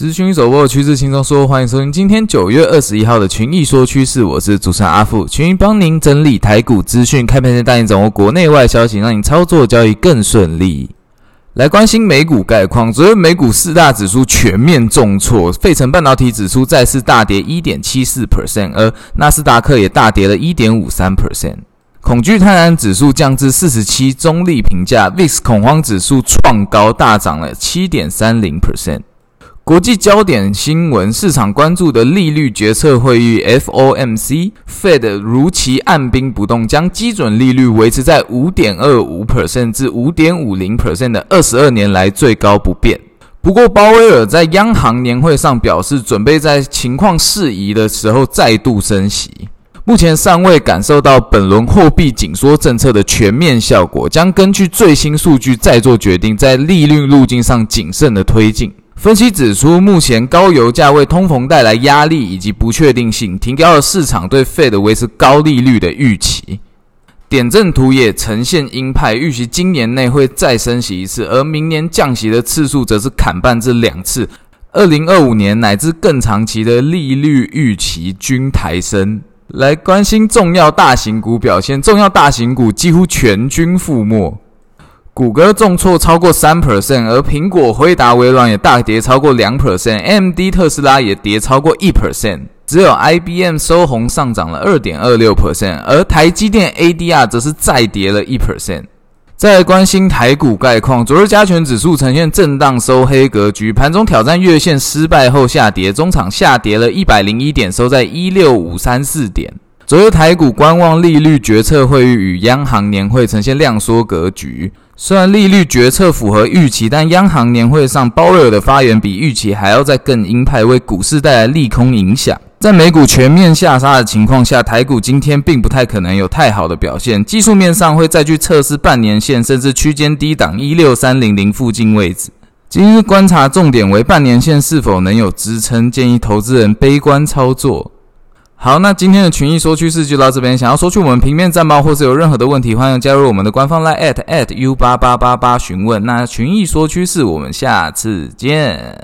資訊手握趨勢輕鬆說，歡迎收聽今天九月二十一號的《群益說趨勢》，我是主持人阿富，群益幫您整理台股資訊，開盤前帶您掌握國內外消息，讓你操作交易更順利。來關心美股概況，昨日美股四大指數全面重挫，費城半導體指數再次大跌一點七四 percent，而納斯達克也大跌了一點五三 percent，恐懼貪婪指數降至四十七，中立評價，VIX 恐慌指數創高，大漲了七點三零 percent。國際焦點新聞，市場關注的利率決策會議 FOMC，Fed 如期按兵不動，將基準利率維持在五點二五 percent 至五點五零 percent 的二十二年來最高不變。不過，鮑威爾在央行年會上表示，準備在情況適宜的時候再度升息。目前尚未感受到本輪貨幣緊縮政策的全面效果，將根據最新數據再做決定，在利率路徑上謹慎的推進。分析指出，目前高油價為通膨帶來壓力以及不確定性，提高了市場對 Fed 維持高利率的預期。點陣圖也呈現鷹派預期，預今年內會再升息一次，而明年降息的次數則是砍半至兩次。二零二五年乃至更長期的利率預期均抬升。來關心重要大型股表現，重要大型股幾乎全軍覆沒。谷歌重挫超過三 percent，而蘋果、輝達、微軟也大跌超過兩 percent，AMD 特斯拉也跌超過一 percent，只有 I B M 收紅上漲，上漲了二點二六 percent，而台積電 A D R 則是再跌了一 percent。再來關心台股概況，昨日加權指數呈現震盪收黑格局，盤中挑戰月線失敗後下跌，中場下跌了一百零一點，收在一六五三四點。昨日台股觀望利率決策會議與央行年會，呈現量縮格局。雖然利率決策符合預期，但央行年會上鮑威爾的發言比預期還要再更鷹派，為股市帶來利空影響。在美股全面下殺的情況下，台股今天並不太可能有太好的表現。技術面上會再去測試半年線，甚至區間低檔一六三零零附近位置。今日觀察重點為半年線是否能有支撐，建議投資人悲觀操作。好，那今天的群益說趨勢就到這邊。想要索取我們平面戰報，或是有任何的問題，歡迎加入我們的官方 LINE at at u 八八八八詢問。那群益說趨勢，我們下次見。